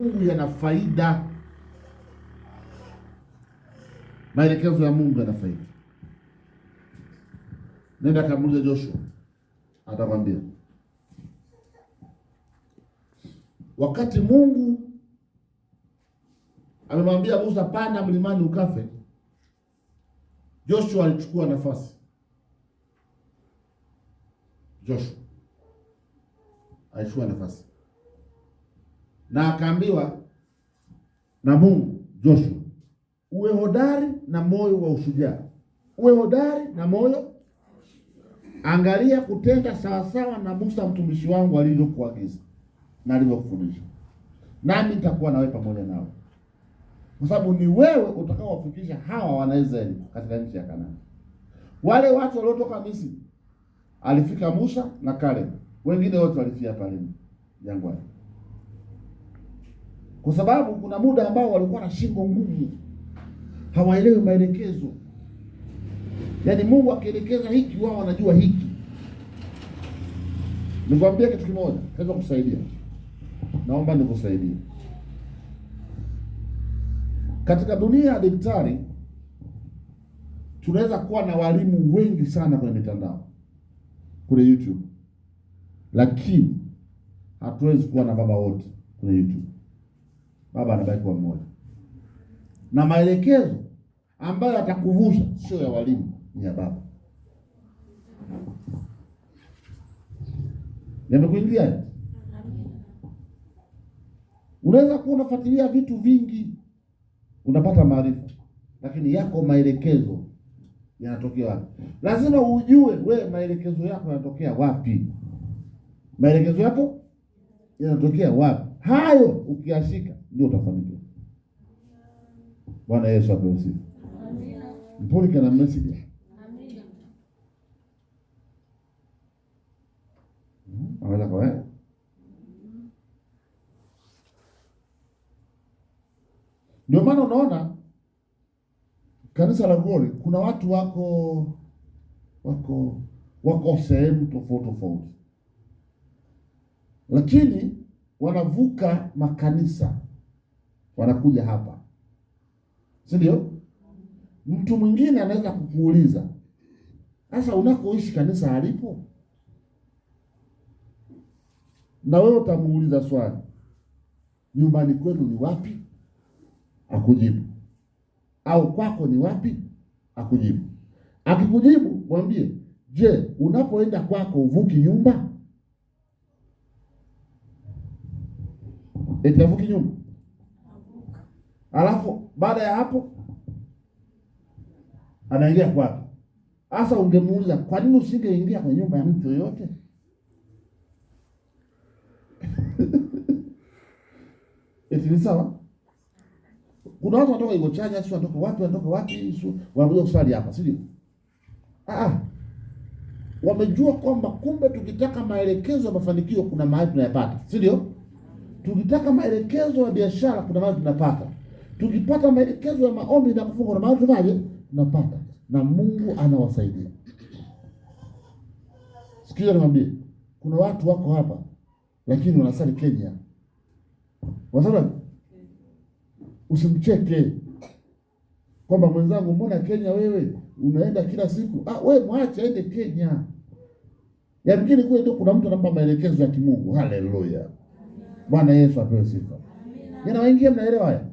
Mungu yana faida, maelekezo ya Mungu yana faida. Nenda kamuliza Joshua, atakwambia wakati Mungu amemwambia Musa, panda mlimani ukafe, Joshua alichukua nafasi. Joshua alichukua nafasi na akaambiwa na Mungu, Joshua, uwe hodari na moyo wa ushujaa, uwe hodari na moyo, angalia kutenda sawasawa na Musa mtumishi wangu alivyokuagiza na alivyokufundisha, nami nitakuwa nawe pamoja nao, kwa sababu ni wewe utakaowafikisha hawa Wanaisraeli katika nchi ya Kanaani. Wale watu waliotoka Misri alifika Musa na Kalebu, wengine wote walifia pale jangwani kwa sababu kuna muda ambao walikuwa na shingo ngumu, hawaelewi maelekezo. Yaani Mungu akielekeza hiki, wao wanajua hiki. Nikwambia kitu kimoja, naweza kusaidia, naomba nikusaidie. Katika dunia ya daktari, tunaweza kuwa na walimu wengi sana kwenye mitandao, kule YouTube, lakini hatuwezi kuwa na baba wote kwenye YouTube baba anabaki kuwa mmoja, na maelekezo ambayo atakuvusha sio ya walimu, ni ya baba. Nimekuingia. Unaweza kuwa unafuatilia vitu vingi, unapata maarifa, lakini yako maelekezo yanatokea wapi? Lazima ujue we maelekezo yako yanatokea wapi, maelekezo yako yanatokea wapi. Hayo ukiashika ndio utafanikiwa. Bwana Yesu apewe sifa. Amina. Mpole kana message. Amina. Hmm, aweza kwa Ndio maana unaona kanisa la Glory kuna watu wako wako wako sehemu tofauti tofauti, lakini wanavuka makanisa wanakuja hapa, si ndio? Mtu mwingine anaweza kukuuliza sasa, unakoishi kanisa halipo, na wewe utamuuliza swali, nyumbani kwenu ni wapi? Akujibu. Au kwako ni wapi? Akujibu. Akikujibu mwambie, je, unapoenda kwako uvuki nyumba? Eti avuki nyumba? Alafu baada ya hapo anaingia kwako. Sasa ungemuuliza kwa nini usingeingia kwa nyumba ya mtu yoyote? Eti ni sawa? Kuna watu wanatoka Chanya, sio wanatoka wapi, wanatoka wapi, sio wanakuja kusali hapa, sio? Ah ah. Wamejua kwamba kumbe tukitaka maelekezo ya mafanikio kuna mahali tunayapata, si ndio? Tukitaka maelekezo ya biashara kuna mahali tunapata tukipata maelekezo ya maombi na kufunga na maombi tunaje, tunapata na Mungu anawasaidia. Sikia niwaambie, kuna watu wako hapa lakini wanasali Kenya, wasala usimcheke kwamba mwenzangu, mbona Kenya wewe unaenda kila siku? Ah, wewe mwache aende Kenya. Yamkini kule ndio kuna mtu anampa maelekezo ya kimungu. Haleluya, Bwana Yesu apewe sifa. Yanawaingia, mnaelewa haya?